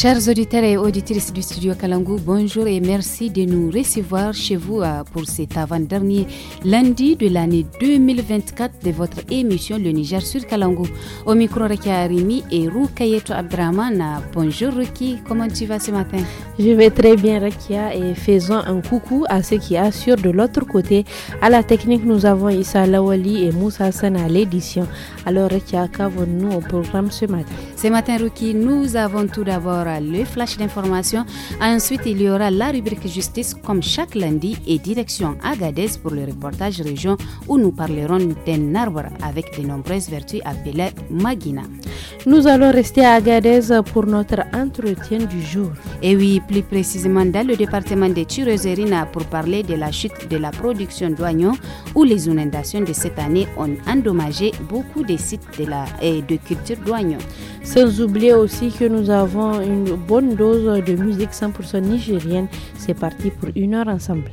Chers auditeurs et auditrices du studio Kalangu, bonjour et merci de nous recevoir chez vous euh, pour cet avant-dernier lundi de l'année 2024 de votre émission Le Niger sur Kalangu. Au micro, Rekia Arimi et Rukayeto Abdraman. Bonjour Ruki, comment tu vas ce matin Je vais très bien Rekia et faisons un coucou à ceux qui assurent de l'autre côté. À la technique, nous avons Issa Lawali et Moussa Sana à l'édition. Alors Rekia, qu'avons-nous au programme ce matin Ce matin Ruki, nous avons tout d'abord le flash d'information. Ensuite, il y aura la rubrique justice comme chaque lundi et direction Agadez pour le reportage région où nous parlerons d'un arbre avec de nombreuses vertus appelées Magina. Nous allons rester à Agadez pour notre entretien du jour. Et oui, plus précisément dans le département de Tirozérina pour parler de la chute de la production d'oignons où les inondations de cette année ont endommagé beaucoup des sites de, la, de culture d'oignons. Sans oublier aussi que nous avons une une bonne dose de musique 100% nigérienne. C'est parti pour une heure ensemble.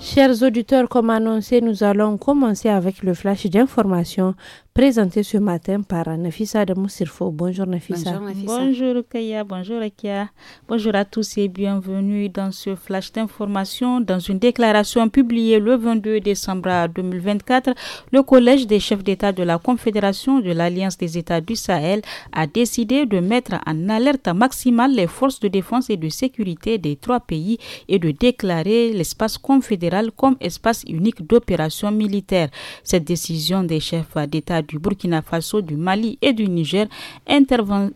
Chers auditeurs, comme annoncé, nous allons commencer avec le flash d'information présenté ce matin par Nafisa de Moussirfo. Bonjour Nafisa. Bonjour Bonjour Kaya, bonjour Akia, bonjour à tous et bienvenue dans ce flash d'information. Dans une déclaration publiée le 22 décembre 2024, le Collège des chefs d'État de la Confédération de l'Alliance des États du Sahel a décidé de mettre en alerte maximale les forces de défense et de sécurité des trois pays et de déclarer l'espace confédéral comme espace unique d'opération militaire. Cette décision des chefs d'État du Burkina Faso, du Mali et du Niger intervient,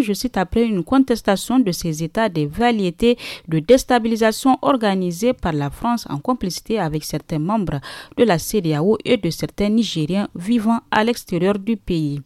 je cite, après une contestation de ces États des variétés de déstabilisation organisée par la France en complicité avec certains membres de la CDAO et de certains Nigériens vivant à l'extérieur du pays.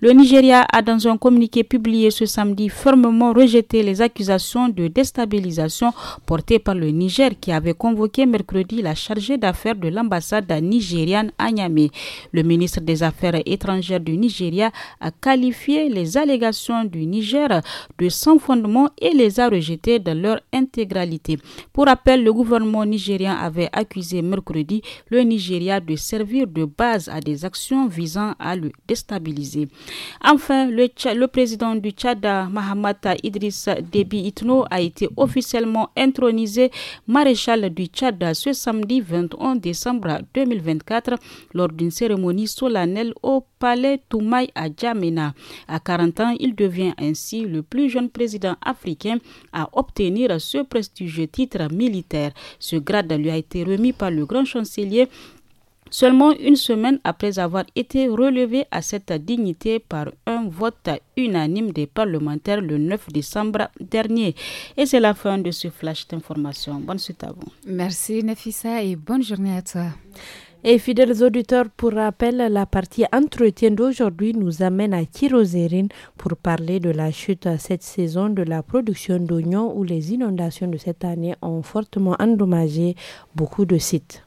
Le Nigeria a, dans un communiqué publié ce samedi, fermement rejeté les accusations de déstabilisation portées par le Niger qui avait convoqué mercredi la chargée d'affaires de l'ambassade nigériane à Niamey. Le ministre des Affaires étrangères du Nigeria a qualifié les allégations du Niger de sans fondement et les a rejetées dans leur intégralité. Pour rappel, le gouvernement nigérien avait accusé mercredi le Nigeria de servir de base à des actions visant à le déstabiliser. Enfin, le, président du Tchad, Mahamata Idriss Déby Itno, a été officiellement intronisé maréchal du Tchad ce samedi 21 décembre 2024 lors d'une cérémonie solennelle au palais Toumaï à Djamena. À 40 ans, il devient ainsi le plus jeune président africain à obtenir ce prestigieux titre militaire. Ce grade lui a été remis par le grand chancelier Seulement une semaine après avoir été relevé à cette dignité par un vote unanime des parlementaires le 9 décembre dernier. Et c'est la fin de ce flash d'information. Bonne suite à vous. Merci Nefissa et bonne journée à toi. Et fidèles auditeurs, pour rappel, la partie entretien d'aujourd'hui nous amène à Kirozerine pour parler de la chute à cette saison de la production d'oignons où les inondations de cette année ont fortement endommagé beaucoup de sites.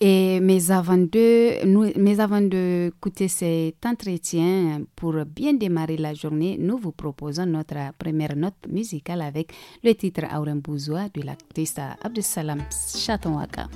Et mais avant de, nous, mais avant de écouter cet entretien, pour bien démarrer la journée, nous vous proposons notre première note musicale avec le titre Aurem Bouzoua de l'actrice Abdussalam Chatonwaka.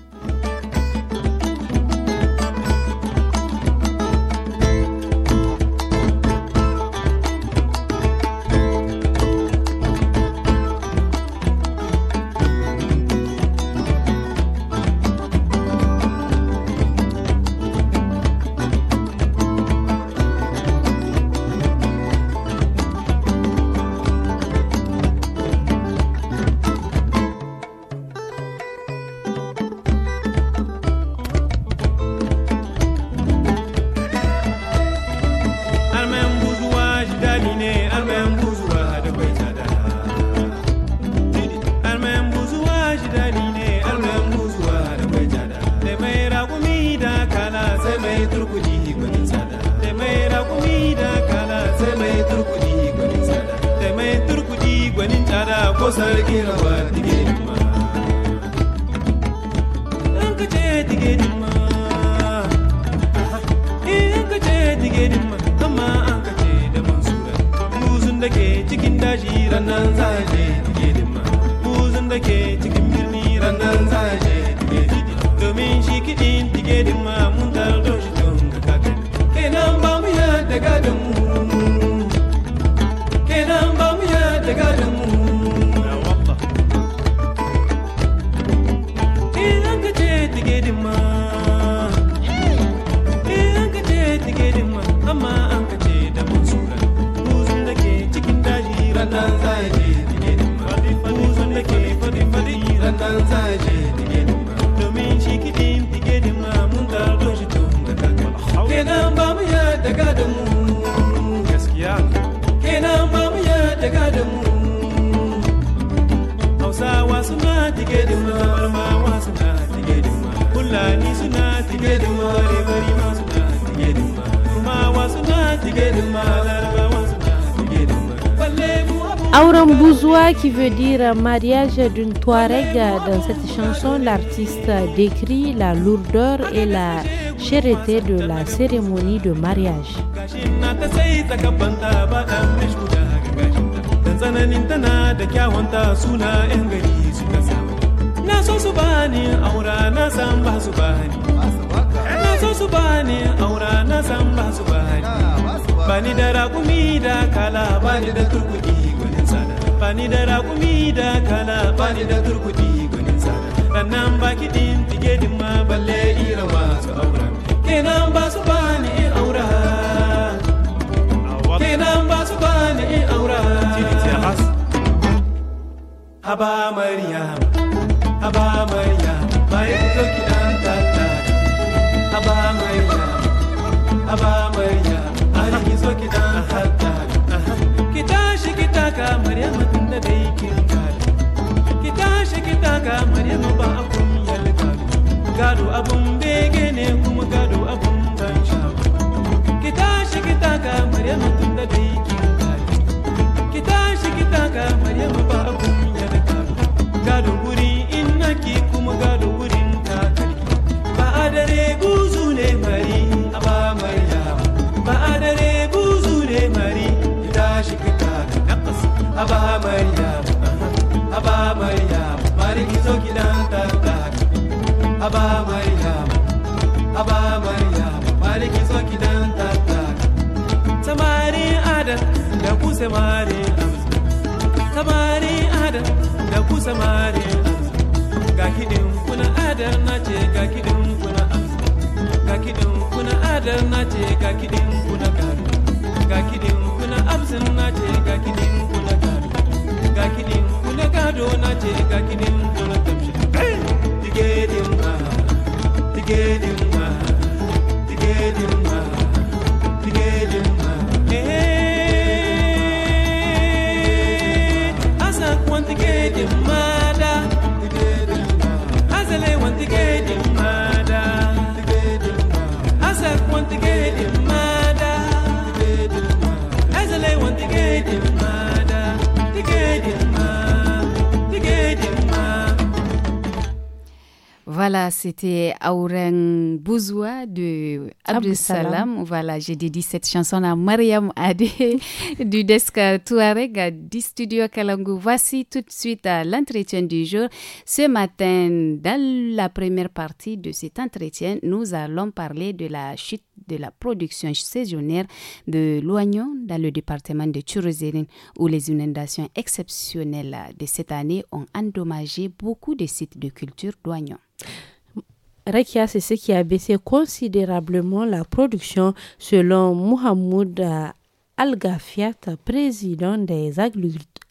qui veut dire mariage d'une Touareg. Dans cette chanson, l'artiste décrit la lourdeur et la chéreté de la cérémonie de mariage. bani da raƙumi da kala bani da turkuɗi gunin sa rannan baki din tige din ma balle ira su aura kenan ba su bani in aura kenan ba su bani in aura haba maryam haba maryam bai zo ki dan tata haba maryam haba maryam ari zo ki dan tata ga maryamu ba abun yalga gado abun bege ne kuma gado abun ban sha ki tashi ki taka maryamu tun da dai samari samari adam da ku samari ga kiɗin kuna adam na ce ga kiɗin kuna ga kiɗin kuna adam na ce ga kiɗin kuna karu ga kiɗin kuna absin na ce ga kiɗin kuna karu ga kiɗin kuna gado na ce ga kiɗin kuna kamshi digedin ma digedin ma digedin ma Voilà, c'était Aureng Bouzois de Abdusalam, voilà, j'ai dédié cette chanson à Mariam Adé du desk Touareg du studio Kalangu. Voici tout de suite euh, l'entretien du jour. Ce matin, dans la première partie de cet entretien, nous allons parler de la chute de la production saisonnière de l'oignon dans le département de Churuzérine, où les inondations exceptionnelles de cette année ont endommagé beaucoup de sites de culture d'oignons. Rekia ce qui a baissé considérablement la production selon Mohamed euh, Al-Gafiat, président des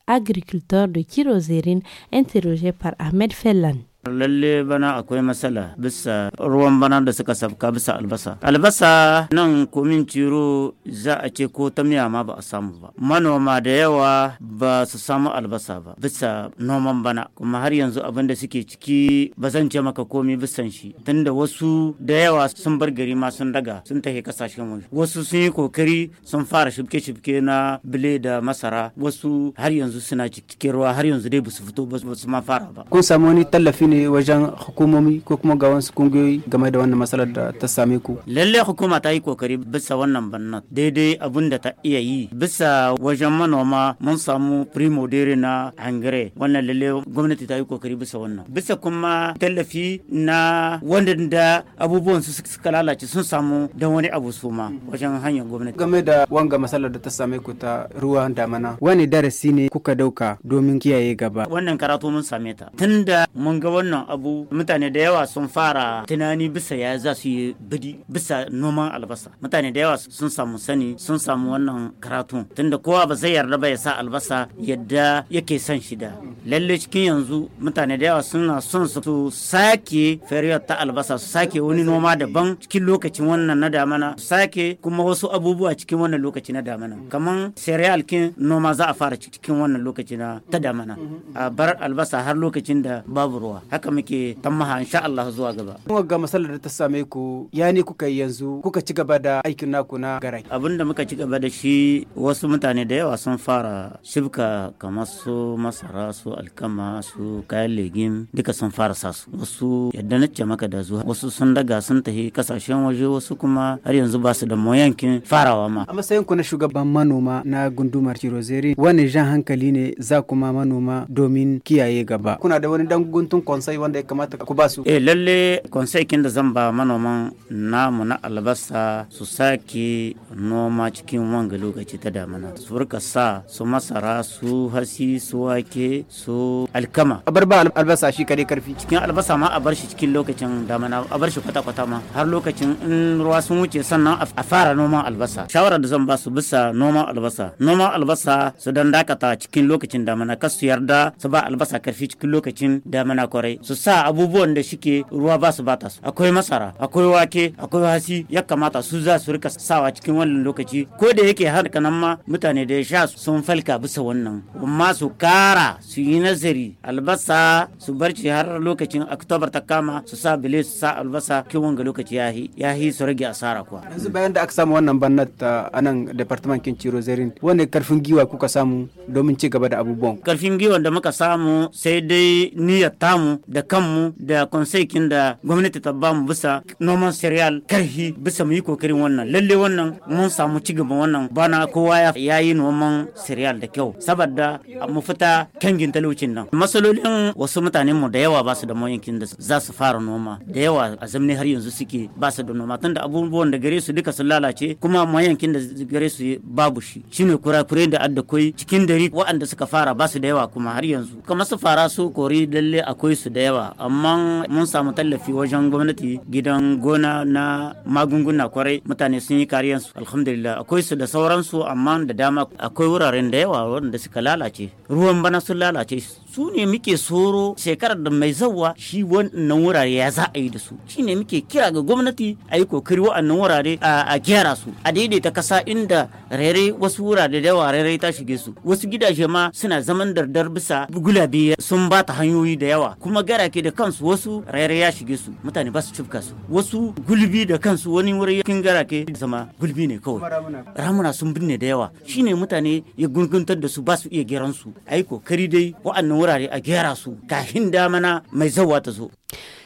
agriculteurs de Kirozérine, interrogé par Ahmed Fellan. lalle bana akwai matsala bisa ruwan bana da suka sabka bisa albasa albasa nan komin ciro za a ce ko ta miya ma ba a samu ba manoma da yawa ba su samu albasa ba bisa noman bana kuma har yanzu abin da suke ciki ba zan ce maka komi bisan shi tunda wasu da yawa sun bar gari ma sun daga sun tafi kasashen waje wasu sun yi kokari sun fara shibke-shibke na bile da masara wasu har yanzu suna cikin ruwa har yanzu dai ba su fito ba su ma fara ba kun samu wani tallafi ne wajen hukumomi ko kuma ga wasu kungiyoyi game da wannan matsalar da ta same ku lalle hukuma ta yi kokari bisa wannan banna daidai abin da ta iya yi bisa wajen manoma mun samu primo dere na hangare wannan lalle gwamnati ta yi kokari bisa wannan bisa kuma tallafi na wanda da abubuwan su suka lalace sun samu dan wani abu su ma wajen hanyar gwamnati game da wanga matsalar da ta same ku ta ruwa damana wani darasi ne kuka dauka domin kiyaye gaba wannan karatu mun same ta tunda mun ga wannan abu mutane da yawa sun fara tunani bisa ya za su yi bidi bisa noman albasa mutane da yawa sun samu sani sun samu wannan karatu tunda kowa ba zai yarda ba ya sa albasa yadda yake son shi da lalle cikin yanzu mutane da yawa suna son su sake feriyar ta albasa su sake wani noma daban cikin lokacin wannan na damana su sake kuma wasu abubuwa cikin wannan lokaci na damana kamar cereal kin noma za a fara cikin wannan lokaci na ta damana a bar albasa har lokacin da babu ruwa haka muke tammaha insha Allah zuwa gaba ga masalar da ta same ku ya ne kuka yi yanzu kuka ci gaba da aikin naku na garai abin da muka ci gaba da shi wasu mutane da yawa sun fara shibka kamar su masara su alkama su kayan legim duka sun fara sa su. wasu yadda na ce maka da zuwa wasu sun daga sun tafi kasashen waje wasu kuma har yanzu ba su da moyankin farawa ma a matsayin ku na shugaban manoma na gundumar Chirozeri wani jan hankali ne za kuma manoma domin kiyaye gaba kuna da wani dan tun konsai wanda ya kamata ku ba su eh lalle konsai kin da zan ba manoman namu na albasa su sake noma cikin wanga lokaci ta damina su rika sa su masara su hasi su wake su alkama a bar ba albasa shi kare karfi cikin albasa ma a bar shi cikin lokacin damina a bar shi kwata-kwata ma har lokacin in ruwa sun wuce sannan a fara noman albasa shawara da zan ba su bisa noman albasa noman albasa su dan dakata cikin lokacin damina kas su yarda su ba albasa karfi cikin lokacin damina kwarai kawai su sa abubuwan da suke ruwa ba su bata su akwai masara akwai wake akwai hasi ya kamata su za su rika sawa cikin wannan lokaci ko da yake har kanan ma mutane da ya sha sun falka bisa wannan amma su kara su yi nazari albasa su barci har lokacin oktoba ta kama su sa bile su sa albasa kiwon ga lokaci ya ya yi su rage asara kuwa yanzu bayan da aka samu wannan bannat ta uh, anan department kin ciro zarin wani karfin giwa kuka samu domin ci gaba da abubuwan karfin giwan da muka samu sai dai niyyar tamu da kanmu da konsekin da gwamnati ta mu. bisa noman cereal karhi bisa mu yi kokarin wannan lalle wannan mun samu ci gaban wannan bana kowa ya yi noman cereal da kyau saboda mu fita kangin talaucin nan masalolin wasu mutanen mu da yawa ba su da mayankin da za su fara noma da yawa a zamanin har yanzu suke ba su da noma tunda abubuwan da gare su duka sun lalace kuma mayankin da gare su babu shi shine kurakure da adda koi cikin dari waɗanda suka fara ba su da yawa kuma har yanzu kamar su fara su kori lalle akwai su da yawa amma mun samu tallafi wajen gwamnati gidan gona na magunguna kwarai mutane sun yi su alhamdulillah akwai su da sauransu amma da dama akwai wuraren da yawa wanda suka lalace ruwan bana sun lalace su su ne muke soro shekarar da mai zauwa shi wannan wurare ya za a yi da su shi ne muke kira ga gwamnati a yi kokari wa'annan wurare a gyara su a daidaita kasa inda rere wasu wurare da yawa rere ta shige su wasu gidaje ma suna zaman dardar bisa gulabe sun ba ta hanyoyi da yawa kuma ke da kansu wasu rere ya shige su mutane ba su cifka su wasu gulbi da kansu wani wuri kin ke zama gulbi ne kawai ramuna sun binne da yawa shine mutane ya gunguntar da su ba su iya gyaran su a yi kokari dai wa'annan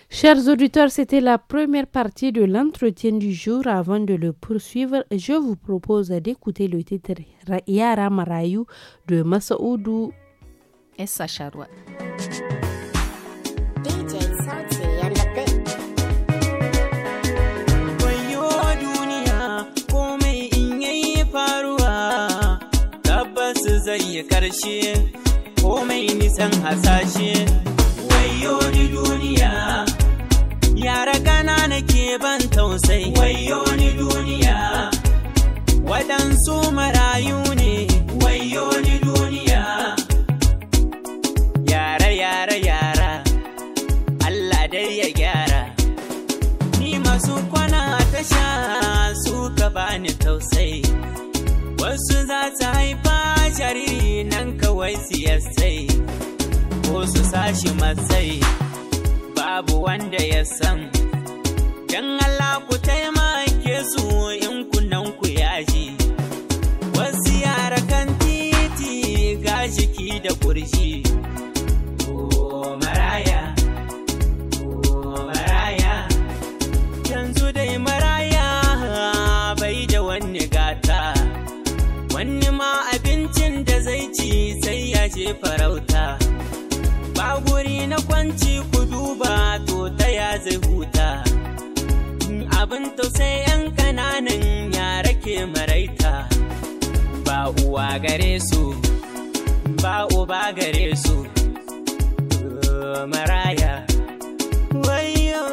Chers auditeurs, c'était la première partie de l'entretien du jour. Avant de le poursuivre, je vous propose d'écouter le titre Yara Marayou de Masaoudou et et komai nisan hasashe wayo ni duniya yara ƙanana ke ban tausayi wayo ni duniya waɗansu marayu ne wayo ni duniya yara yara yara Allah dai ya gyara ni masu kwana ta sha suka bani tausayi wasu za ta haifa jariri nan kawai siyasai ko su sashi matsayi babu wanda ya san Don Allah ku taimake su in kunan ku yaji wasu yara kan titi ga jiki da kurji je farauta ba guri na kwanci ku duba to ta ya zai huta abin tausayi yan kananan yara ke maraita ba uwa gare su ba uba gare su maraya wayo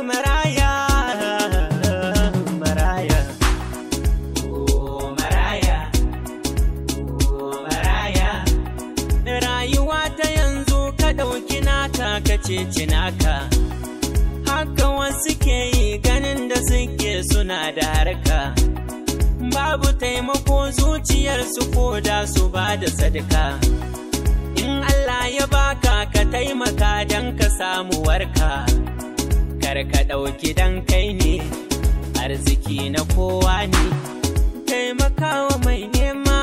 mecece naka haka wasu ke yi ganin da suke suna da harka babu taimako zuciyarsu ko da su ba da sadaka in Allah ya baka ka taimaka don ka samu warka kar ka ɗauki don kai ne arziki na kowa ne taimaka wa mai nema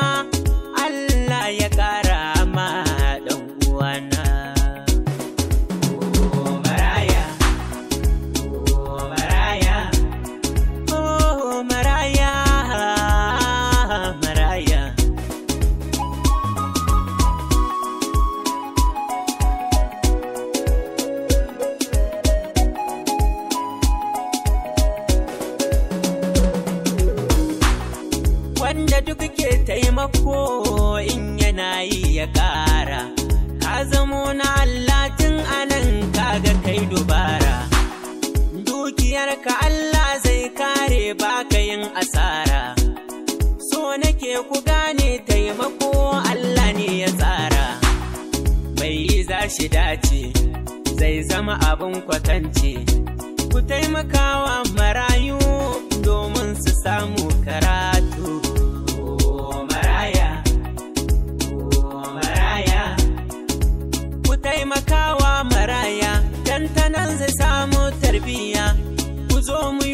Allah ya ƙara ma ɗan uwana shi dace zai zama abin kwatance ku taimakawa marayu domin su samu karatu maraya maraya ku taimakawa maraya dan tanan zai samu tarbiyya ku zo mu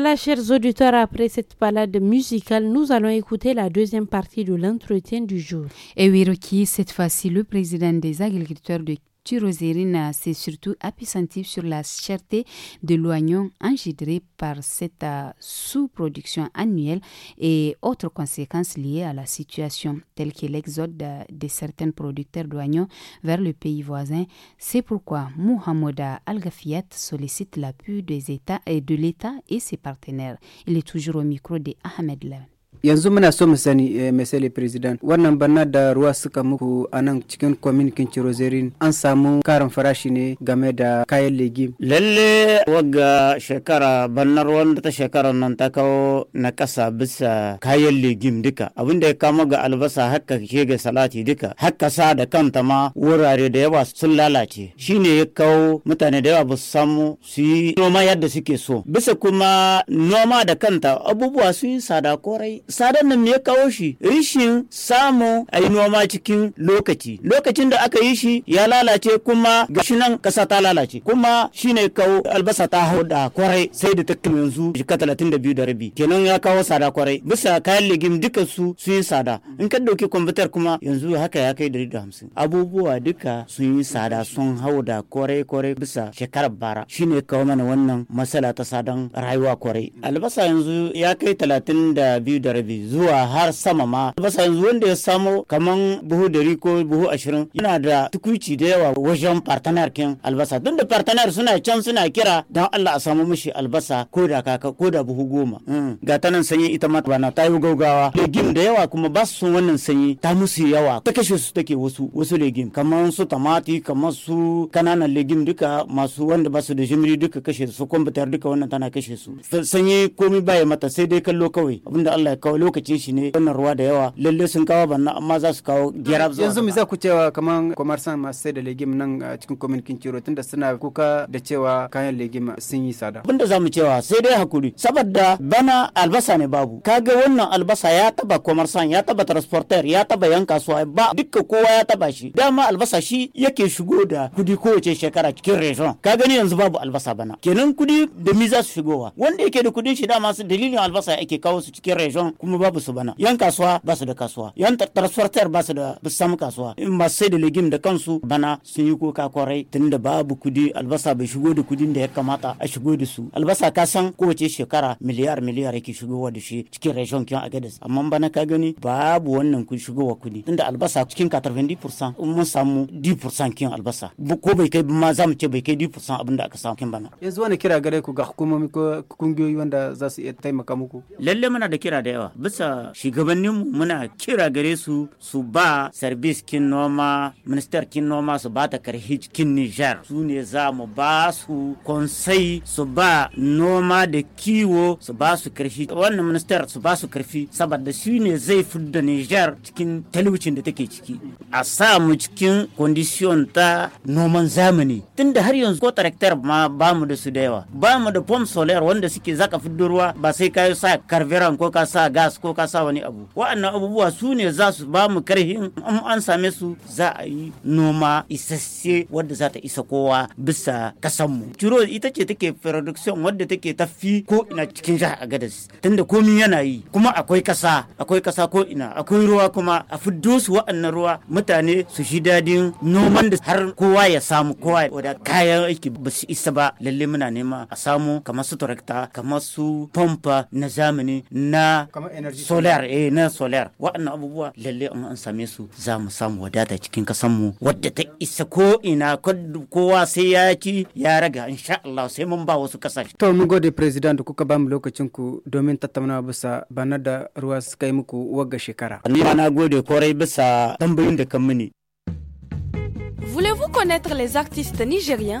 Voilà, chers auditeurs, après cette balade musicale, nous allons écouter la deuxième partie de l'entretien du jour. Et oui, Ruki, cette fois-ci, le président des agriculteurs de tyrosérine c'est surtout appuyantie sur la cherté de l'oignon engendrée par cette euh, sous-production annuelle et autres conséquences liées à la situation, telles que l'exode de certains producteurs d'oignons vers le pays voisin. C'est pourquoi Mohamed al Gafiat sollicite l'appui des États et de l'État et ses partenaires. Il est toujours au micro de Ahmed yanzu muna so mu sani eh, misali president wannan banna da ruwa suka muku a nan cikin kwaminkin cirozerin an samu karin farashi ne game da kayan legim lalle wagga shekara barnar wanda ta shekara nan ta kawo na kasa bisa kayan legim duka abinda ya kama ga albasa haka ke ga salati duka haka sa da kanta ma wurare da yawa sun lalace shine ya kawo mutane da yawa ba su samu su yi noma yadda suke so bisa kuma noma da kanta abubuwa sun yi tsada korai sadan nan me ya kawo shi rishin samun a yi noma cikin lokaci lokacin da aka yi shi ya lalace kuma gashi nan kasa ta lalace kuma shine kawo albasa ta hau da kwarai sai da takil yanzu jika talatin da biyu da rabi kenan ya kawo sada kwarai bisa kayan legim duka su sun yi sada. in ka dauki kwamfutar kuma yanzu haka ya kai dari da hamsin abubuwa duka sun yi sada sun hau da kwarai kwarai bisa shekarar bara shine kawo mana wannan matsala ta sadan rayuwa kwarai albasa yanzu ya kai talatin da biyu da arabi zuwa har sama ma albasa yanzu wanda ya samo kaman buhu dari ko buhu ashirin yana da tukuci da yawa wajen partner kin albasa don da partner suna can suna kira don Allah a samu mishi albasa ko da kaka ko da buhu goma mm. ga ta nan sanyi ita ma bana ta yi gaugawa legim da yawa kuma ba su son wannan sanyi ta musu yawa ta kashe su take wasu wasu legim kaman su tamati kaman su kananan legim duka masu wanda ba su da jimiri duka kashe su kwamfutar duka wannan tana kashe su sanyi komi baya mata sai dai kallo kawai abinda Allah ya kawo lokacin shi ne wannan ruwa da yawa lalle sun kawo banna amma za su kawo gyara yanzu mu za ku cewa kaman kwamarsan masu sai da legim nan a cikin kwamitin ciro tunda suna kuka da cewa kayan legim sun yi sada abinda za mu cewa sai dai hakuri saboda bana albasa ne babu kaga wannan albasa ya taba kwamarsan ya taba transporter ya taba yan kasuwa ba dukkan kowa ya taba shi dama albasa shi yake shigo da kudi kowace shekara cikin region ka gani yanzu babu albasa bana kenan kudi da mi za su shigowa wanda yake da kudin shi dama su dalilin albasa yake kawo su cikin region kuma babu su bana yan kasuwa ba su da kasuwa yan transporter ba su da bu kasuwa in masu sai da legim da kansu bana sun yi koka kwarai tunda babu kudi albasa bai shigo da kudin da ya kamata a shigo da su albasa ka san kowace shekara miliyar miliyar yake shigowa da shi cikin rashon kyan agadis amma bana ka gani babu wannan kun shigowa kudi tunda albasa cikin 90% in mun samu 10% kiyon albasa ko bai kai ma zamu ce bai kai 10% abin da aka samu kin bana yanzu wani kira gare ku ga hukumomi ko kungiyoyi wanda za su iya taimaka muku lalle muna da kira da yawa yawa bisa shugabanninmu muna kira gare su su ba sarbis kin noma minister kin noma su ba ta karhi kin nijar su ne za mu ba su konsai su ba noma da kiwo su ba su karfi wannan minister su ba su karfi saboda su ne zai da nijar cikin talaucin da take ciki a sa mu cikin condition ta noman zamani tunda har yanzu ko taraktar ma ba mu da su da yawa ba mu da pom solar wanda suke zaka fiddo ruwa ba sai ka sa karveran ko ka sa gas ko ka sa wani abu wa'annan abubuwa su ne za su ba mu karhin in an same su za a yi noma isasshe wadda za ta isa kowa bisa kasan mu ciro ita ce take production wadda take tafi ko ina cikin jihar agadas tunda komi yana yi kuma akwai kasa akwai kasa ko ina akwai ruwa kuma a fiddo su wa'annan ruwa mutane su shi dadin noman da har kowa ya samu kowa wada kayan aiki ba su isa ba lalle muna nema a samu kamar su tarakta kamar su famfa na zamani na solar eh na solar waɗannan abubuwa lalle in an same su za mu samu wadata cikin kasan mu wadda ta isa ko ina kowa sai ya ci ya raga insha Allah sai mun ba wasu kasashe to mun gode president kuka ba mu lokacin ku domin tattaunawa bisa bana da ruwa su kai muku wagga shekara ni ma na gode korai bisa tambayin da kan mini Voulez-vous connaître les artistes nigériens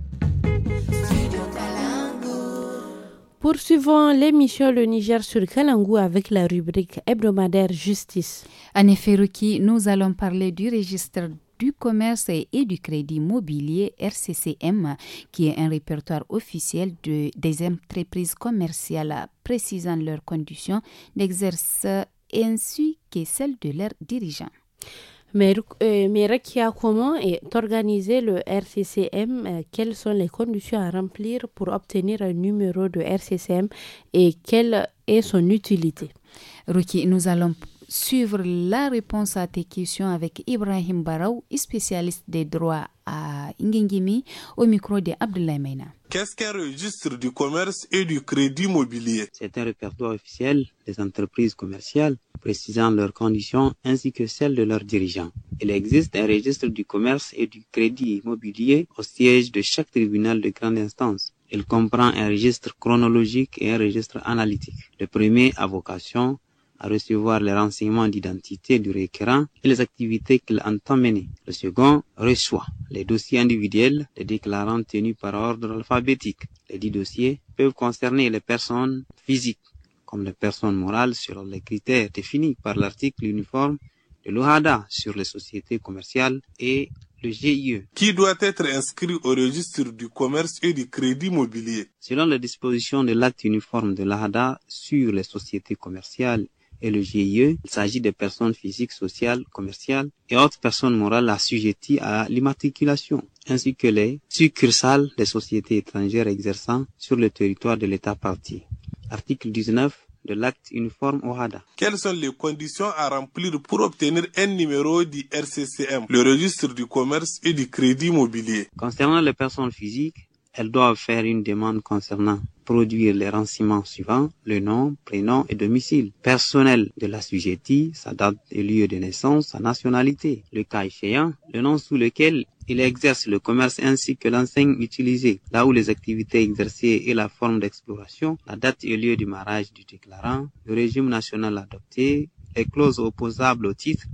Poursuivons l'émission Le Niger sur Kalangou avec la rubrique hebdomadaire Justice. En effet, Ruki, nous allons parler du registre du commerce et du crédit mobilier RCCM, qui est un répertoire officiel des entreprises commerciales précisant leurs conditions d'exercice ainsi que celles de leurs dirigeants. Mais, euh, mais comment est organisé le RCCM euh, Quelles sont les conditions à remplir pour obtenir un numéro de RCCM et quelle est son utilité Ruki, nous allons suivre la réponse à tes questions avec Ibrahim Barou, spécialiste des droits à Ngengimi, au micro de Abdoulaye Meina. Qu'est-ce qu'un registre du commerce et du crédit immobilier C'est un répertoire officiel des entreprises commerciales précisant leurs conditions ainsi que celles de leurs dirigeants. Il existe un registre du commerce et du crédit immobilier au siège de chaque tribunal de grande instance. Il comprend un registre chronologique et un registre analytique. Le premier à vocation à recevoir les renseignements d'identité du requérant et les activités qu'il entend mener. Le second reçoit les dossiers individuels des déclarants tenus par ordre alphabétique. Les dix dossiers peuvent concerner les personnes physiques comme les personnes morales selon les critères définis par l'article uniforme de l'OHADA sur les sociétés commerciales et le GIE. Qui doit être inscrit au registre du commerce et du crédit mobilier Selon les dispositions de l'acte uniforme de l'OHADA sur les sociétés commerciales et le GIE. Il s'agit des personnes physiques, sociales, commerciales et autres personnes morales assujetties à l'immatriculation, ainsi que les succursales des sociétés étrangères exerçant sur le territoire de l'État parti. Article 19 de l'acte uniforme OHADA. Quelles sont les conditions à remplir pour obtenir un numéro du RCCM, le registre du commerce et du crédit immobilier Concernant les personnes physiques, elles doivent faire une demande concernant produire les renseignements suivants, le nom, prénom et domicile personnel de l'assujetti, sa date et lieu de naissance, sa nationalité, le cas échéant, le nom sous lequel il exerce le commerce ainsi que l'enseigne utilisée, là où les activités exercées et la forme d'exploration, la date et lieu du mariage du déclarant, le régime national adopté, les clauses opposables au titre,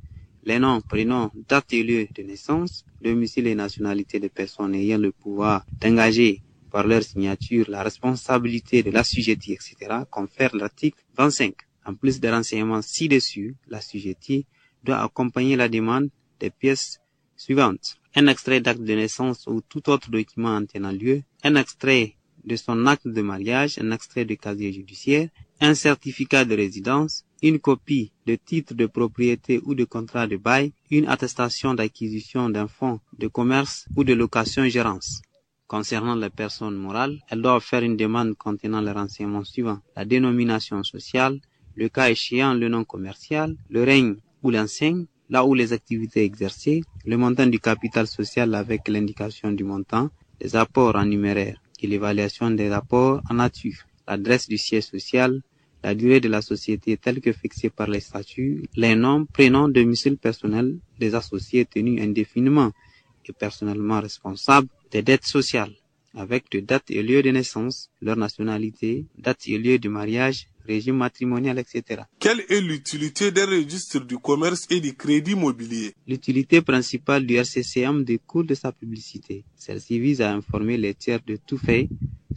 les noms, prénoms, date et lieu de naissance, domicile et nationalité des personnes ayant le pouvoir d'engager par leur signature la responsabilité de l'assujetti, etc., confère l'article 25. En plus des renseignements ci-dessus, l'assujetti doit accompagner la demande des pièces suivantes. Un extrait d'acte de naissance ou tout autre document en tenant lieu, un extrait de son acte de mariage, un extrait de casier judiciaire, un certificat de résidence, une copie de titre de propriété ou de contrat de bail, une attestation d'acquisition d'un fonds de commerce ou de location-gérance. Concernant les personnes morales, elles doivent faire une demande contenant les renseignements suivants. La dénomination sociale, le cas échéant, le nom commercial, le règne ou l'enseigne, là où les activités exercées, le montant du capital social avec l'indication du montant, les apports en numéraire et l'évaluation des apports en nature, l'adresse du siège social, la durée de la société telle que fixée par les statuts, les noms, prénoms, domicile personnel des associés tenus indéfiniment personnellement responsable des dettes sociales avec de date et lieu de naissance, leur nationalité, date et lieu de mariage, régime matrimonial, etc. Quelle est l'utilité des registres du commerce et du crédit mobilier L'utilité principale du RCCM découle de sa publicité. Celle-ci vise à informer les tiers de tout fait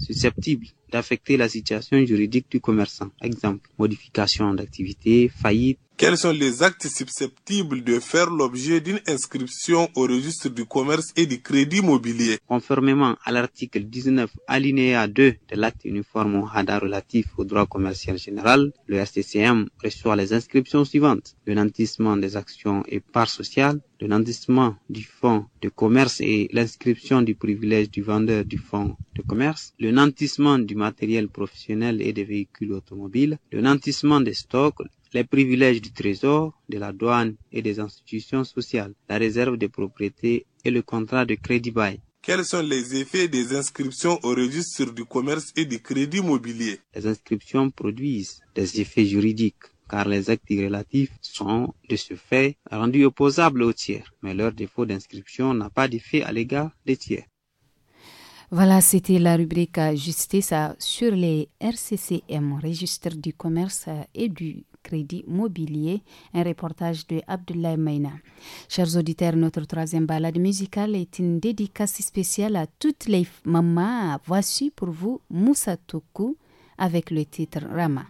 susceptibles d'affecter la situation juridique du commerçant. Exemple, modification d'activité, faillite. Quels sont les actes susceptibles de faire l'objet d'une inscription au registre du commerce et du crédit immobilier Conformément à l'article 19 alinéa 2 de l'acte uniforme au HADA relatif au droit commercial général, le STCM reçoit les inscriptions suivantes. Le nantissement des actions et parts sociales, le nantissement du fonds de commerce et l'inscription du privilège du vendeur du fonds de commerce, le nantissement du matériel professionnel et des véhicules automobiles, le nantissement des stocks, les privilèges du trésor, de la douane et des institutions sociales, la réserve des propriétés et le contrat de crédit bail. Quels sont les effets des inscriptions au registre du commerce et du crédit mobilier Les inscriptions produisent des effets juridiques car les actes relatifs sont, de ce fait, rendus opposables aux tiers, mais leur défaut d'inscription n'a pas d'effet à l'égard des tiers. Voilà, c'était la rubrique Justice sur les RCCM, Registre du commerce et du crédit mobilier, un reportage de Abdoulaye Meina. Chers auditeurs, notre troisième balade musicale est une dédicace spéciale à toutes les mamans. Voici pour vous Moussa Toku avec le titre Rama.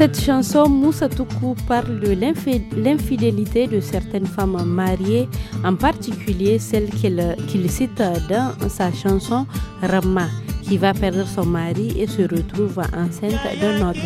cette chanson, Moussa parle de l'infidélité de certaines femmes mariées, en particulier celle qu'il cite dans sa chanson Rama, qui va perdre son mari et se retrouve enceinte d'un autre.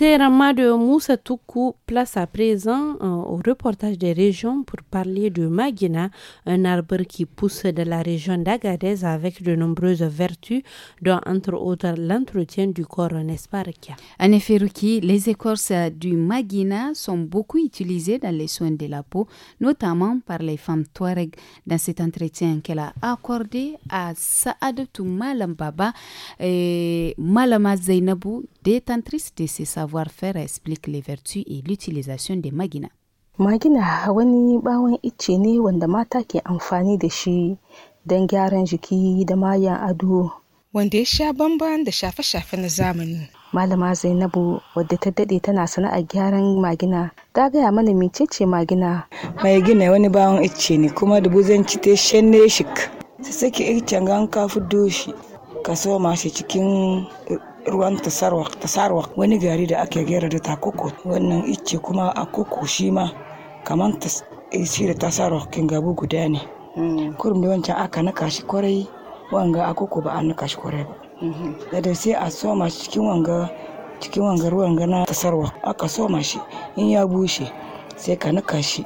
C'était Ramadou Moussa Toukou. Place à présent euh, au reportage des régions parler du Magina, un arbre qui pousse de la région d'Agadez avec de nombreuses vertus, dont entre autres l'entretien du corps, nest En effet, les écorces du Magina sont beaucoup utilisées dans les soins de la peau, notamment par les femmes Touareg. Dans cet entretien qu'elle a accordé à Saadatou Malambaba et Malama Zainabou, détentrice de ses savoir-faire, explique les vertus et l'utilisation des Magina. Magina wani bawon icce ne wanda mata ke amfani da shi don gyaran jiki da mayan ado. Wanda ya sha bamban da shafe-shafe na zamani. Malama Zainabu wadda ta dade tana sana'ar gyaran magina ta gaya mana mecece magina. gina wani bawon ice ne kuma da buzan ta shanne shi. Ka saki iccen gan ka fuddo shi ka so cikin ruwan tasarwa wani gari da ake gera da takoko wannan ice kuma a koko shi ma kamar ta eh, da ta sa rokin gabu guda ne mm. kurum da wancan aka naka shi kwarai wanga a koko ba a naka shi kwarai ba mm-hmm. da da sai a soma shi cikin wanga cikin wanga ruwan gana tasarwa aka soma shi in ya bushe sai ka na shi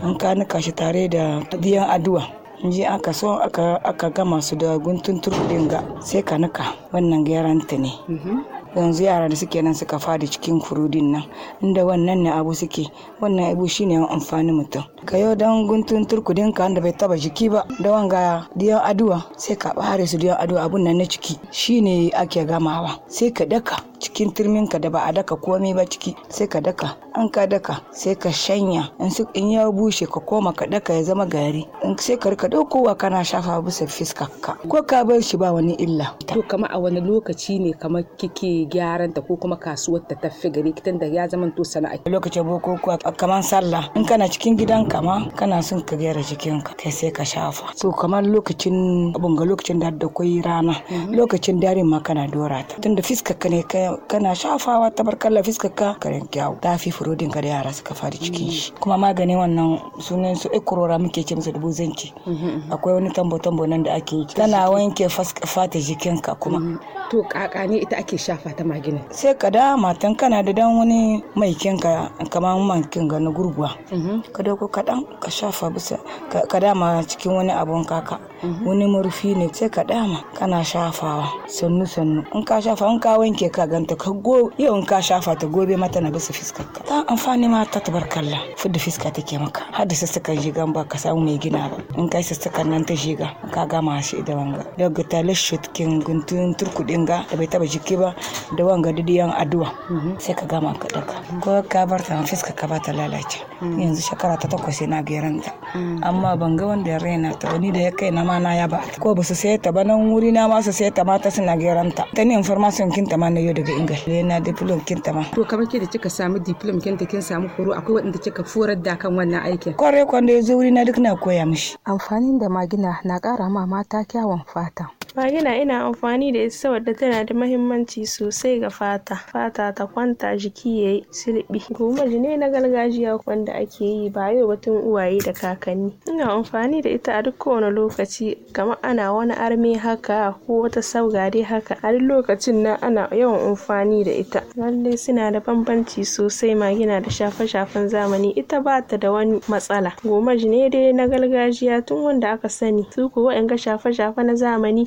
an ka na shi tare da biyan addu'a in ji aka so aka gama su da guntun turkudin ga sai ka nika wannan gyaran ta ne mm-hmm. yanzu yara da suke nan suka fada cikin kurudin nan inda wannan ne abu suke wannan abu shine amfani mutum ka yau dan guntun turkudin ka wanda bai taba jiki ba da wanga diyan aduwa sai ka bare su diyan aduwa abun nan na ciki shine ake gamawa sai ka daka cikin turmin ka da ba a daka komai ba ciki sai ka daka an ka daka sai ka shanya in ya bushe ka koma ka daka ya zama gari in sai ka rika daukowa kana shafa bisa fiska ka ko ka bar shi ba wani illa to kama a wani lokaci ne kamar kike gyaran ta ko kuma kasuwar ta tafi gari kitan da ya zama to sana'a lokacin boko kamar sallah in kana cikin gidan ma kana son ka gyara jikinka kai sai ka shafa so kamar lokacin abun ga lokacin da da kwai rana mm-hmm. lokacin dare ma kana dora ta tunda fiska ka ne ka kana shafawa tabarkalla fiskar ka karen kyau ta fi furodin ka da yara suka fara cikin shi kuma maganin wannan sunan su ekurora muke ce musu dubu zanci mm-hmm. akwai wani tambo tambo nan da ake yi tana wanke fata ka kuma mm-hmm. to kaka ne ita ake shafa ta maginin sai ka da matan kana da dan wani mai kinka kamar man ga na gurguwa mm-hmm. ka dauko dan ka shafa bisa ka dama cikin wani abun kaka wani murfi ne sai ka dama kana shafawa sannu sannu in ka shafa in ka wanke ka ga ganta ka go yau in ka shafa ta gobe mata na bisa ka ta amfani ma ta kalla fudda fiska take maka har da sassakan jigan ba ka samu mai gina ba in kai sassakan nan ta jiga ka gama shi da wanga daga talar shutkin guntun turkudin ga da bai taba jiki ba da wanga didiyan addu'a mhm. sai ka gama ka daga ko ka bar ta fiska ka ba ta lalace mhm. yanzu shekara ta takwas na biyaran ta mhm. amma ban ga wanda ya raina ta wani da ya kai na ma na ya ba ko ba su sai ta ba nan wuri na ma su sai ta ma ta suna geranta ta ne information ta ma na yau da da ingal ne na diplom kin ta ma to kamar ke da kika samu diplom kin ta kin samu horo akwai waɗanda kika forar da kan wannan aikin kwarai kwando ya zuri na duk na koya mishi amfanin da magina na kara ma mata kyawun fata Magina ina amfani da ita saboda tana da mahimmanci sosai ga fata. Fata ta kwanta jiki yayi silbi goma jine na gargajiya wanda ake yi ba yau ba tun uwaye da kakanni. Ina amfani da ita a duk kowane lokaci kamar ana wani armi haka ko wata saugare haka. A duk lokacin na ana yawan amfani da ita. Lallai suna da bambanci sosai magina da shafe-shafen zamani. Ita bata da wani matsala. goma jine dai na gargajiya tun wanda aka sani. Su kuwa ga shafe-shafe na zamani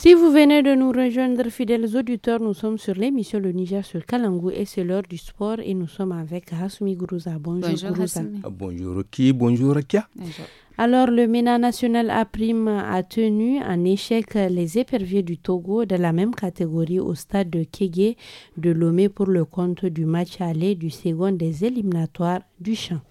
Si vous venez de nous rejoindre, fidèles auditeurs, nous sommes sur l'émission Le Niger sur Kalangou et c'est l'heure du sport et nous sommes avec Rasmi Gourouza. Bonjour, bonjour ah, bonjour Ruki, bonjour Alors, le MENA national à prime a tenu en échec les éperviers du Togo de la même catégorie au stade de Kégué de Lomé pour le compte du match aller du second des éliminatoires du champ.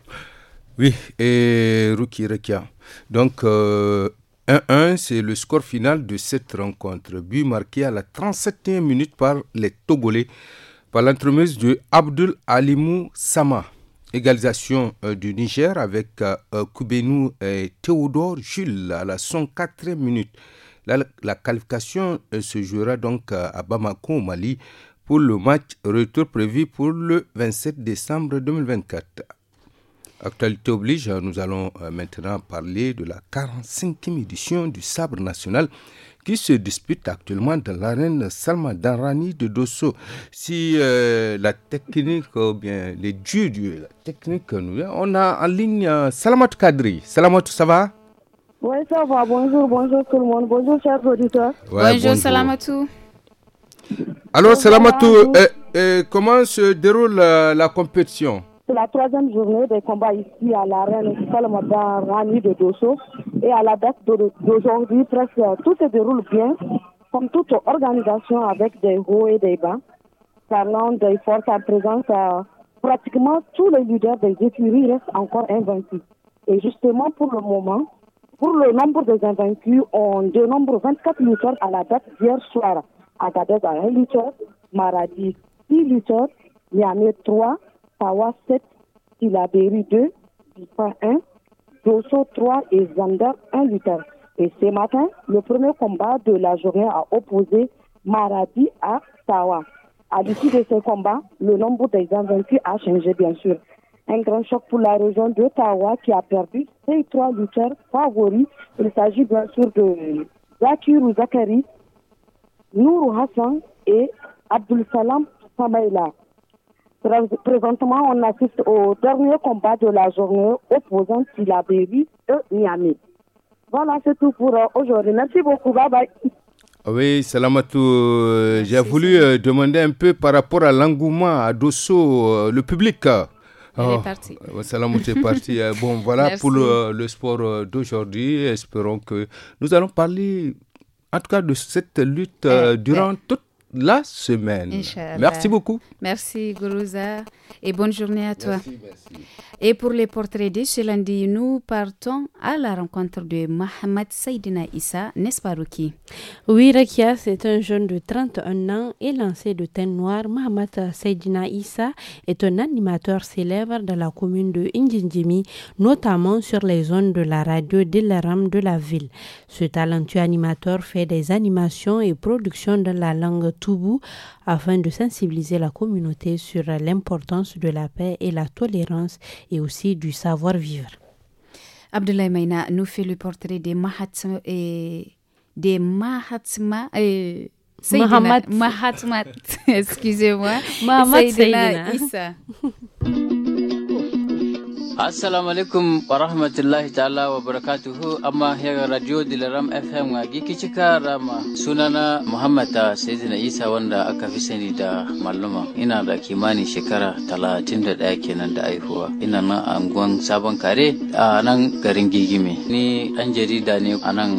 Oui, et Ruki Rekia. Donc, euh, 1-1, c'est le score final de cette rencontre. But marqué à la 37e minute par les Togolais, par l'entremise de Abdul Alimou Sama. Égalisation euh, du Niger avec euh, euh, Koubenou et Théodore Jules à la 104e minute. La, qualification se jouera donc à Bamako au Mali pour le match retour prévu pour le 27 décembre 2024. Actualité oblige, nous allons euh, maintenant parler de la 45e édition du Sabre national qui se dispute actuellement dans l'arène Salma Darani de Dosso. Si euh, la technique ou bien les dieux du la technique nous on a en ligne euh, Salamat Kadri. Salamat, ça va Oui, ça va. Bonjour, bonjour tout le monde. Bonjour, chers auditeurs. bonjour, Salamatou. Alors, Salamatou, comment se déroule la compétition c'est la troisième journée des combats ici à l'arène reine Rani de Dosso. Et à la date d'aujourd'hui, presque tout se déroule bien, comme toute organisation avec des hauts et des bas. Parlant des forces en présence, euh, pratiquement tous les leaders des écuries restent encore invaincus. Et justement, pour le moment, pour le nombre des invaincus, on dénombre 24 lutteurs à la date d'hier soir. Agadez à 1 lutteur, Maradi 6 lutteurs, Niamey 3, Tawa 7, Tilaberi 2, 3 1, Dosso 3 et Zander 1 lutteur. Et ce matin, le premier combat de la journée a opposé Maradi à Tawa. À l'issue de ce combat, le nombre des invaincus a changé, bien sûr. Un grand choc pour la région de Tawa qui a perdu ses trois lutteurs favoris. Il s'agit bien sûr de Zakirou Zakari, Nourou Hassan et Abdul Salam Samayla. Présentement, on assiste au dernier combat de la journée opposant Tilaberi de Miami Voilà, c'est tout pour euh, aujourd'hui. Merci beaucoup. Bye bye. Oui, Salamatou. Euh, j'ai voulu euh, demander un peu par rapport à l'engouement à Dosso, le public. Ah. est parti. bon, voilà pour le, sport d'aujourd'hui. Espérons que nous allons parler, en tout cas, de cette lutte eh, eh. durant toute la semaine. Merci beaucoup. Merci, Gourouza et bonne journée à toi. Et pour les portraits de lundi, nous partons à la rencontre de Mohamed Saïdina Issa, n'est-ce pas Ruki Oui, Rakia, c'est un jeune de 31 ans et lancé de teint noir. Mohamed Saïdina Issa est un animateur célèbre de la commune de Indjindjimi, notamment sur les zones de la radio de rame de la ville. Ce talentueux animateur fait des animations et productions dans la langue Toubou afin de sensibiliser la communauté sur l'importance de la paix et la tolérance et aussi du savoir-vivre. Abdoulaye Maïna nous fait le portrait des Mahatma et des Mahatma et Mahatma, excusez-moi, Mahatma Issa. assalamu alaikum wa rahmatullahi ta'ala wa barakatuhu amma hera radio dilaram fm a cika rama sunana muhammad sayyidina isa wanda aka fi sani da malluma ina da kimanin shekara 31 kenan da aihuwa ina nan a anguwan sabon kare a nan garin gigime ni dan jarida ne a nan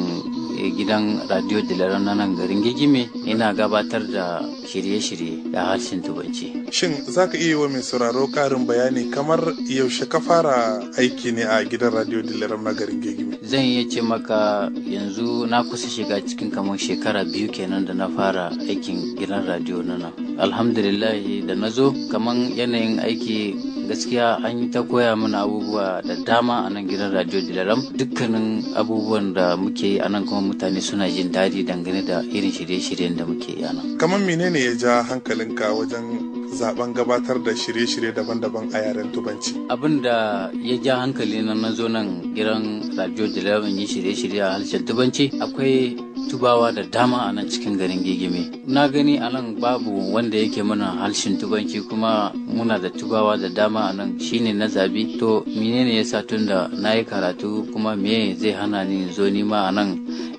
gidan radio dilaran na nan garin gigime ina gabatar da shirye-shirye da harshen tubanci shin za ka iya wa mai sauraro karin bayani kamar yaushe ka fara aiki ne a gidan radio dilaran na garin gigime zan iya ce maka yanzu na kusa shiga cikin kamar shekara biyu kenan da na fara aikin gidan radio na nan alhamdulillah da na zo kamar yanayin aiki gaskiya an yi ta koya mana abubuwa da dama a nan gidan radio dilaram dukkanin abubuwan da muke yi a nan kuma mutane suna jin daɗi dangane da irin shirye-shiryen da muke yi a nan kamar menene ya ja hankalinka wajen zaben gabatar da shirye-shirye daban-daban a yaren tubanci. Abin da ya ja hankali na na nan gidan Radio Jalabin yi shirye-shirye a harshen tubanci akwai tubawa da dama a nan cikin garin gigime. Na gani a nan babu wanda yake mana harshen tubanci kuma muna da tubawa da dama a nan shine na zabi to menene yasa tun da na yi karatu kuma me zai hana ni zo nima a nan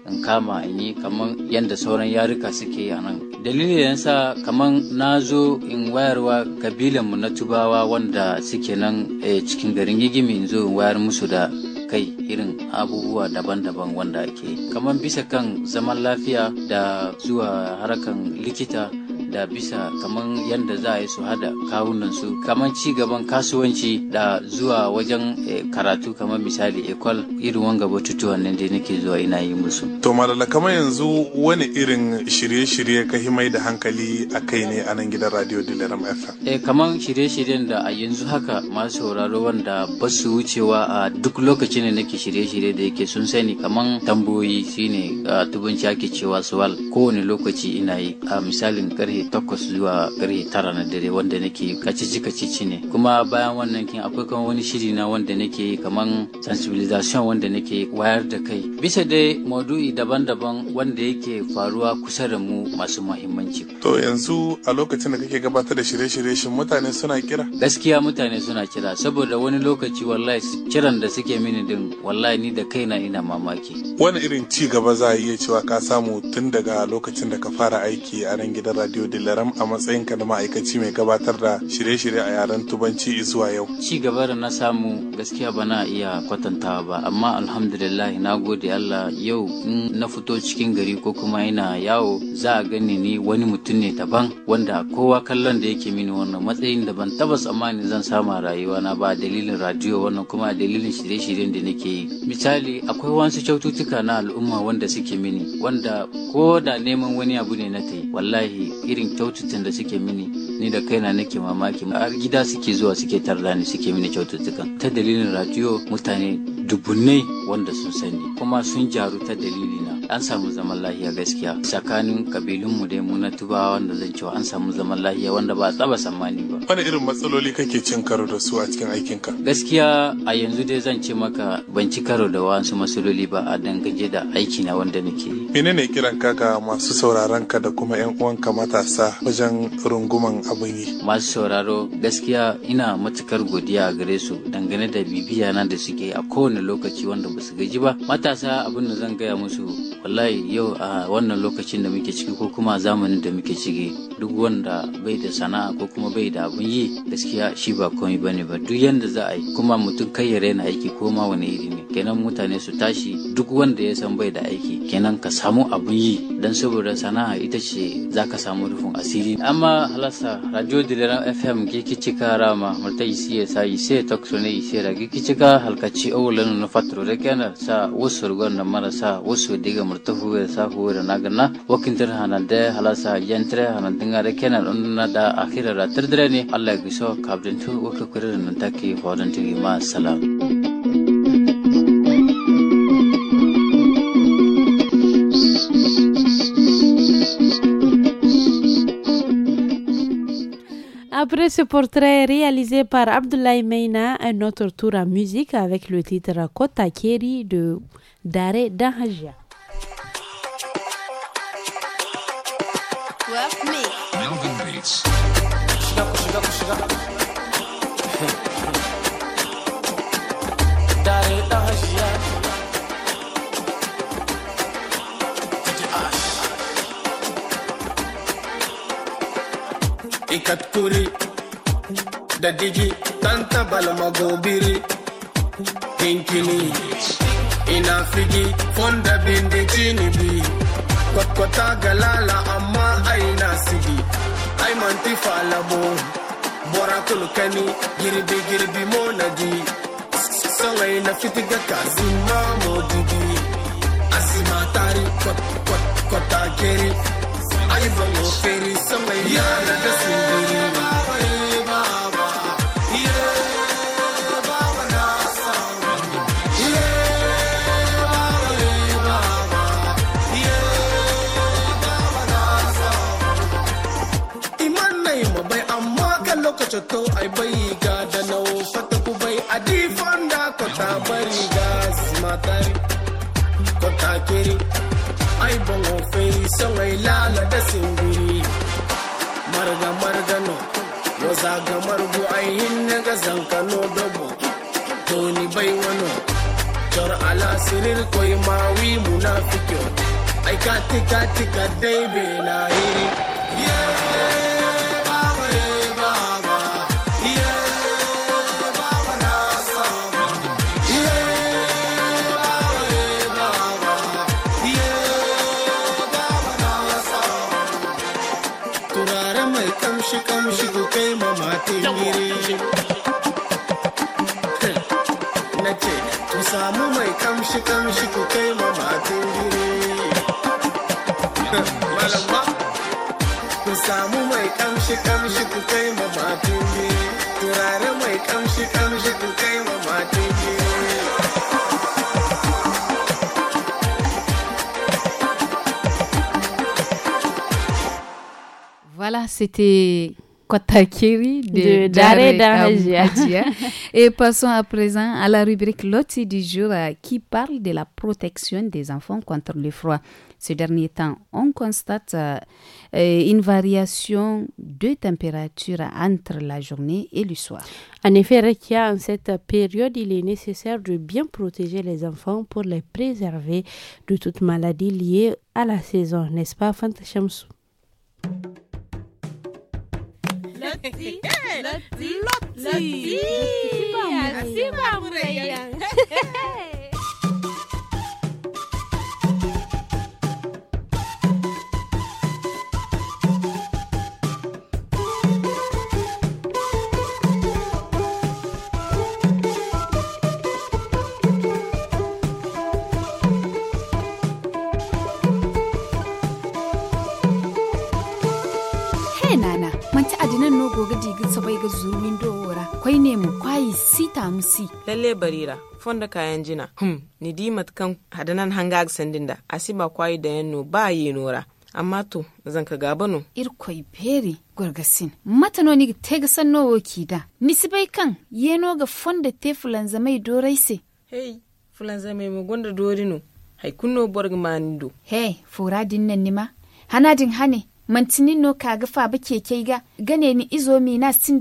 in kama in yi kamar yadda sauran yarika suke a nan. Dalilin yasa kamar na zo in wayarwa mu na tubawa wanda suke nan eh, cikin garin gigimi in zo wayar musu da kai irin abubuwa daban-daban wanda ake kamar bisa kan zaman lafiya da zuwa harkan likita da bisa kaman yadda za a yi su hada kawunansu su ci gaban kasuwanci da zuwa wajen eh, karatu kamar misali ekol irin wanga batutuwa nan da nake zuwa ina yi musu. To malala kamar yanzu wani irin shirye-shirye ka himai da hankali a kai ne a nan gidan radio Dilaram FM. e eh, kamar shirye-shiryen da a yanzu haka masu sauraro wanda ba su wucewa a duk lokacin da nake shirye-shirye da yake sun sani kamar tambayoyi shine a tubanci ake cewa suwal kowane lokaci ina yi a misalin karhe takwas zuwa ƙari tara na dare wanda nake kacici kacici ne kuma bayan wannan kin akwai kuma wani shiri na wanda nake kaman sensibilization wanda nake wayar da kai bisa dai maudu'i daban-daban wanda yake faruwa kusa da mu masu muhimmanci to yanzu a lokacin da kake gabatar da shirye-shirye shin mutane suna kira gaskiya mutane suna kira saboda wani lokaci wallahi kiran da suke mini din wallahi ni da kaina ina mamaki wani irin ci gaba za a iya cewa ka samu tun daga lokacin da ka fara aiki a nan gidan radio dillaram a matsayinka na ma'aikaci mai gabatar da shirye-shirye a yaren tubanci zuwa yau ci gaba da na samu gaskiya ba na iya kwatantawa ba amma alhamdulillah na gode Allah yau in na fito cikin gari ko kuma ina yawo za a gani ni wani mutum ne daban wanda kowa kallon da yake mini wannan matsayin daban tabbas amma ni zan sama rayuwa na ba dalilin radiyo wannan kuma a dalilin shirye-shiryen da nake yi misali akwai wasu kyaututtuka na al'umma wanda suke mini wanda ko da neman wani abu ne na ta yi wallahi irin kyaututun da suke mini ni da kaina nake mamaki har gida suke zuwa suke tarda ni suke mini kyaututtukan ta dalilin radiyo mutane dubunnai wanda sun sani kuma sun jaru ta dalilina an samu zaman lahiya gaskiya tsakanin kabilun mu dai mu na tubawa wanda zan cewa an samu zaman lahiya wanda ba tsaba tsammani ba wani irin matsaloli kake cin karo da su a cikin aikin ka gaskiya a yanzu dai zan ce maka ban ci karo da wasu matsaloli ba a dangaje da aiki na wanda nake menene kiran ka ga masu sauraron ka da kuma yan uwanka matasa wajen runguman abin yi masu sauraro gaskiya ina matukar godiya gare su dangane da bibiya na da suke a kowane lokaci wanda ba su gaji ba matasa abin da zan gaya musu wallahi yau a wannan lokacin da muke ciki ko kuma zamanin da muke ciki duk wanda bai da sana'a ko kuma bai da abun yi gaskiya shi ba komai bane ba duk yanda za a yi kuma mutum kai ya raina aiki ko ma wani iri ne kenan mutane su tashi duk wanda ya san bai da aiki kenan ka samu abun yi dan saboda sana'a ita ce za ka samu rufin asiri amma halasta radio dilera fm giki cika rama murta isi ya sa ise takso ne ise da giki cika halkaci awulan na fatro da kenan sa wasu rugon da marasa wasu diga murtafuwe safuwere nagna wakintere hanade halasa yentre hanadingare kenan unnada akhirara tirdireni allah giso kabdintu wakakurere nantaki fodantigi ma salam Après ce portrait réalisé par Abdoulaye Meina, un autre tour en musique avec le titre Kota Keri de Dare Dahajia. Ikatkuri da digi tanta balama gobiri kinkini ina figi fonda bindi bi, kwakwata galala amma aina sigi ai manti bora colocani giribi giribi monadi sangai na fitiga kazima modidi asima tari kot kot kota keri ayi bango feri Baba, ya Baba. kasindiri I'm lokacin ai bai ga da nau fata ku bai a difon da kota bari ga simatari kota kiri ai ban ofe son ai lala da singiri marga marga no waza zaga margu ai hinna ga zankano dobo to ni bai wano jar ala sirir koi mawi munafikyo ai katika tika dai bai na samu mai kamshi kamshi ku kai ma matan turare mai kamshi kamshi ku kai ma matan Voilà, c'était et passons à présent à la rubrique Lotti du jour euh, qui parle de la protection des enfants contre le froid. Ces derniers temps, on constate euh, une variation de température entre la journée et le soir. En effet, Rekia, en cette période, il est nécessaire de bien protéger les enfants pour les préserver de toute maladie liée à la saison, n'est-ce pas, Fanta Shamsou? Loti, c'est C'est Loti. c'est Loti. lalle barira fonda kayan jina hmm ni dimat kan hadanan hanga sandin da asiba kwai da yanno ba yi nora amma to zan ka gaba no irkoi beri mata no ni te ga ki da misibai kan yeno ga fonda te fulan zamai dorai se hey fulan zamai mu gonda dori no hay kunno borg mando hey fura dinnan ni ma hanadin hane mantinin no kaga fa ba keke ga gane ni izomi na sin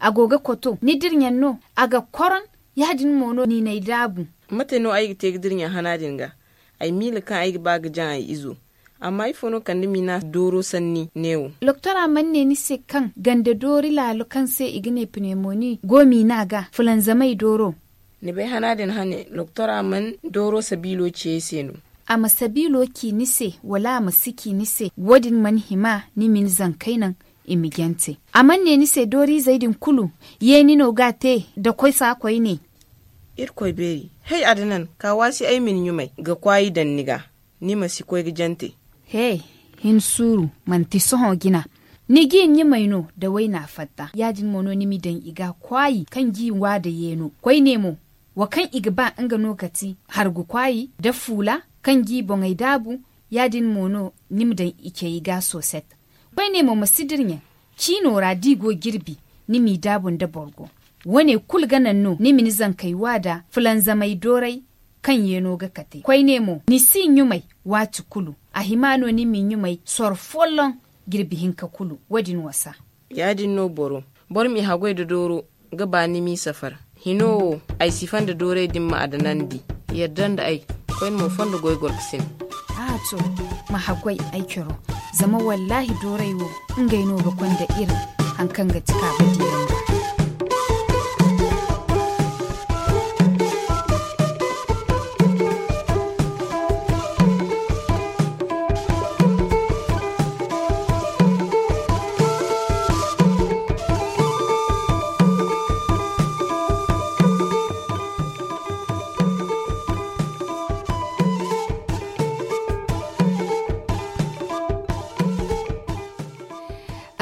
agoga koto ni dirnyan no aga koron yadin mono ni nai dabu Mata no ay tegdir nya hanadin ga ay mil kan ba ga jan ay izo amma ifono kan ni mina doro sanni newo loktora manne ni se kan ganda dori lalo kan se igine pneumoni gomi na ga fulan zamai doro ni bai hanadin hane loktora man doro sabilo ce senu a sabilo ki nise wala masiki nise wadin man hima ni min zankainan imigente amanne ni se dori zaidin kulu ye ni no gate da kwai sa kwai ne kwai beri hei adnan ka wasi ai min yumai ga kwayi dan niga ni masi koi gijante Hei, hin suru manti soho gina ni in yi maino da wai na fatta yajin mono nimi dan iga kwayi kan giwa da yeno kwai nemo wa kan igba nga har hargu kwayi da fula kan gi bongai dabu yadin mono nimdan ike yi gaso set ne ma masidirnya kino radigo girbi ni nimi dabun da borgo wane ganan no mini zan kai wada fulan zamai dorai kan yeno ga kate kwai ne nemo ni sin yumai watu kulu a himano min yumai sor follon girbi hinka kulu wadin wasa yadin no boro bor mi hagoi da doro ni mi safar hino ai sifan da dorai dimma adanandi yaddan da ai kwai mo fondo goigol sin a to ma hagoi ai kiro zama wallahi in gaino bakon kwanda irin hankan ga cika badiya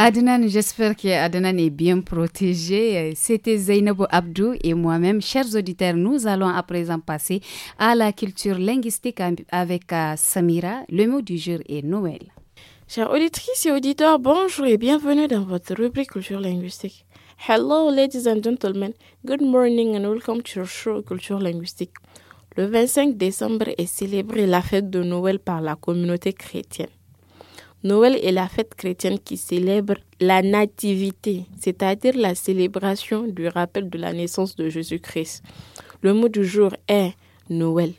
Adnan, j'espère que est bien protégé. C'était Zainabo Abdou et moi-même. Chers auditeurs, nous allons à présent passer à la culture linguistique avec euh, Samira. Le mot du jour est Noël. Chers auditrices et auditeurs, bonjour et bienvenue dans votre rubrique culture linguistique. Hello, ladies and gentlemen. Good morning and welcome to your show Culture linguistique. Le 25 décembre est célébrée la fête de Noël par la communauté chrétienne. Noël est la fête chrétienne qui célèbre la nativité, c'est-à-dire la célébration du rappel de la naissance de Jésus-Christ. Le mot du jour est Noël.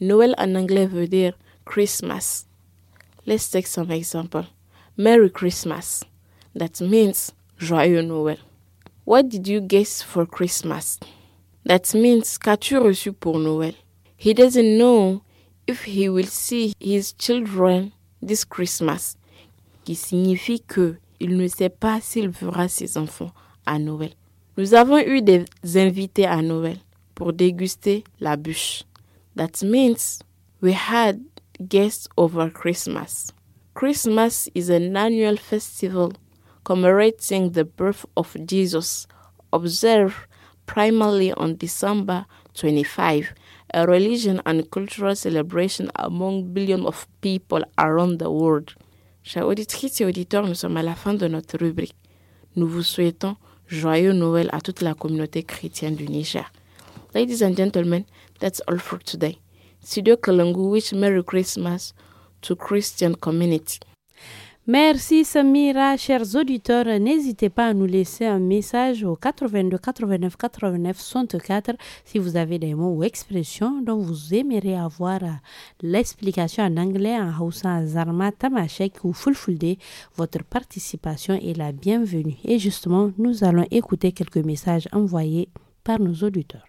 Noël en anglais veut dire Christmas. Let's take some example. Merry Christmas. That means Joyeux Noël. What did you guess for Christmas? That means qu'as-tu reçu pour Noël? He doesn't know if he will see his children this Christmas, qui signifie que il ne sait pas s'il verra ses enfants à Noël. Nous avons eu des invités à Noël pour déguster la bûche. That means we had guests over Christmas. Christmas is an annual festival commemorating the birth of Jesus, observed primarily on December 25 a religion and cultural celebration among billions of people around the world. Chers et auditeurs, nous sommes à la fin de notre rubrique. Nous vous souhaitons joyeux Noël à toute la communauté chrétienne du Niger. Ladies and gentlemen, that's all for today. Sido Kalungu wish Merry Christmas to Christian community. Merci Samira, chers auditeurs, n'hésitez pas à nous laisser un message au 82 89 89 64 si vous avez des mots ou expressions dont vous aimeriez avoir euh, l'explication en anglais, en Hausa, Zarma, Tamashek ou Fulfulde. Votre participation est la bienvenue. Et justement, nous allons écouter quelques messages envoyés par nos auditeurs.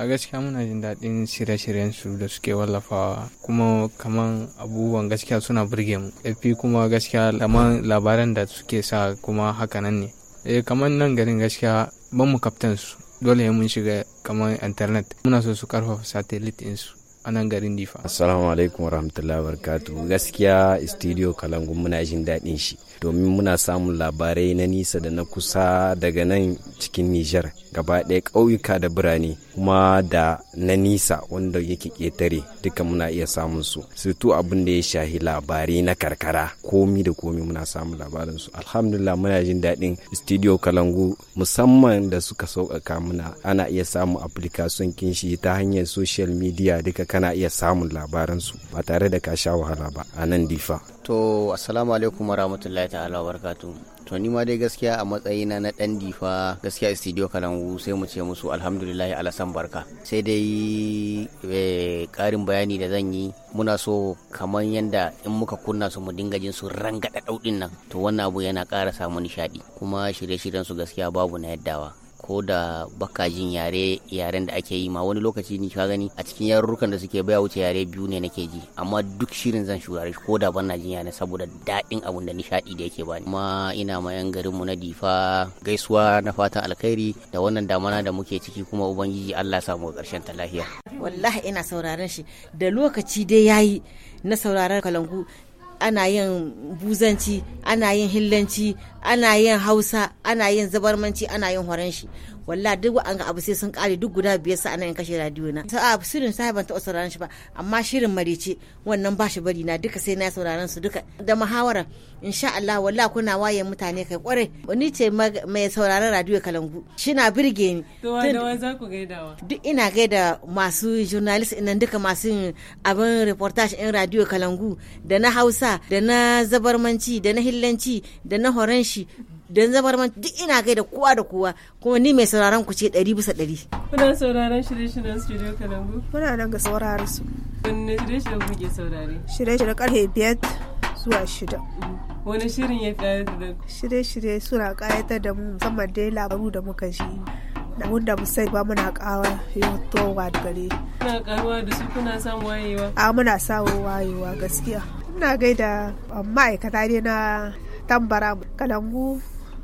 a gaskiya muna jin daɗin shirye-shiryen su da suke wallafawa kuma kaman abubuwan gaskiya suna burge mu fi kuma gaskiya kaman labaran da suke sa kuma hakanan ne eh kaman nan garin gaskiya ban mu kaftan su dole mun shiga kaman internet muna so su karfafa satellite ɗinsu a nan garin difa assalamu alaikum warahmatullahi wabarakatuh gaskiya studio kalangu muna jin daɗin shi domin muna samun labarai na nisa da na kusa daga nan cikin nijar gaba ɗaya ƙauyuka da birane kuma da na nisa wanda yake ƙetare duka muna iya samun su sutu abin da ya shahi labarai na karkara komi da komi muna samun labarin su alhamdulillah muna jin daɗin studio kalangu musamman da suka sauƙaƙa muna ana iya samun application kinshi ta hanyar social media duka kana iya samun labaransu ba tare da ka sha wahala ba a nan difa to assalamu alaikum wa warahmatullahi ta'ala wa to ni ma dai gaskiya a matsayina na dan difa gaskiya studio kalangu sai mu ce musu alhamdulillahi alasan barka sai dai karin eh, bayani da zan yi muna so kamar yadda in muka kunna su mu dinga jin su rangada daudin nan to wannan abu yana ƙara samu nishaɗi kuma shirye-shiryen su gaskiya babu na yaddawa ko da bakajin yare yaren da ake yi ma wani lokaci ni ka gani a cikin yarurrukan da suke baya wuce yare biyu ne nake ji amma duk shirin zan shurare ko da ban na jin yare saboda daɗin abun da nishaɗi da yake bani kuma ina ma yan garin mu na difa gaisuwa na fatan alkhairi da wannan damana da muke ciki kuma ubangiji Allah samu ƙarshen ta lafiya wallahi ina sauraron shi da lokaci dai yayi na sauraron kalangu ana yin buzanci ana yin hillanci ana yin hausa ana yin zabarmanci ana yin horanshi walla duk an ga abu sai sun kare duk guda biyar sa anan kashe radio na sai abu shirin sai ban taɓa sauraron shi ba amma shirin marici wannan ba shi bari na duka sai na sauraron su duka da muhawara insha Allah walla kuna waye mutane kai kwarai ni ce mai sauraron radio kalangu shi na birge ni ku da duk ina gaida masu journalist inan duka masu abin reportage in radio kalangu da na Hausa da na zabarmanci da na hillanci da na horanshi don zamar man duk ina da kowa da kowa kuma ni mai sauraron ku ce ɗari bisa ɗari. Kuna sauraron shirye-shiryen studio Kalangu? Muna nan ga sauraron su. Wanne shirye-shiryen kuke saurare? Shirye-shiryen ƙarfe biyar zuwa shida. Mhm. Wani shirin ya ƙayatar da Shirye-shirye suna ƙayatar da mu musamman dai labaru da muka ji. da mun da musai ba muna ƙawa yotowa da gare. Kuna ƙaruwa da su kuna samun wayewa? A muna samun wayewa gaskiya. Muna gaida um, ma'aikata ne na tambara kalangu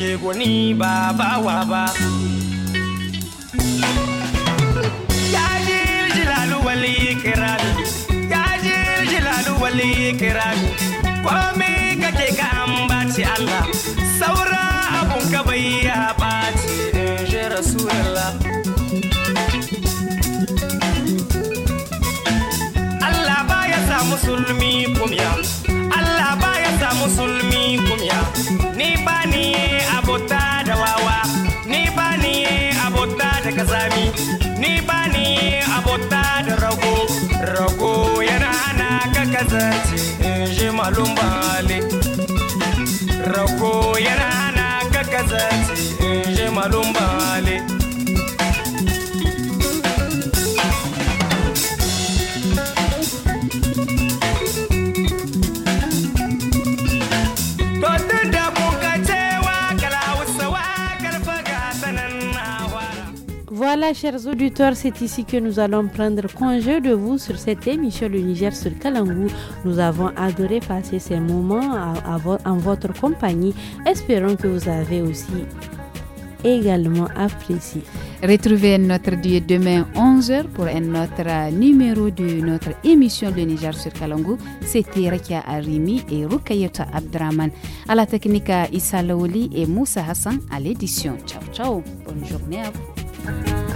chego ni baba waba ya jil jilalu wali kirani yajil jilalu wali kirani kome kake ka ambaci Allah saura abun ka bai ya ɓaci in ji Rasulallah Allah ba ya sa musulmi kumya ni ba ni abota da wawa ni ba ni abota da kazami ni ba ni abota da rago rago yana hana ka kazance in ji malum bale rago yana hana ka kazance in ji malum bale Voilà, chers auditeurs, c'est ici que nous allons prendre congé de vous sur cette émission Le Niger sur Kalangou. Nous avons adoré passer ces moments à, en votre compagnie. Espérons que vous avez aussi également apprécié. Retrouvez notre dieu demain 11h pour un autre numéro de notre émission Le Niger sur Kalangu. C'était Rekia Arimi et Rukayeta Abdraman. À la technique, Issa et Moussa Hassan à l'édition. Ciao, ciao. Bonne journée à vous. Thank you.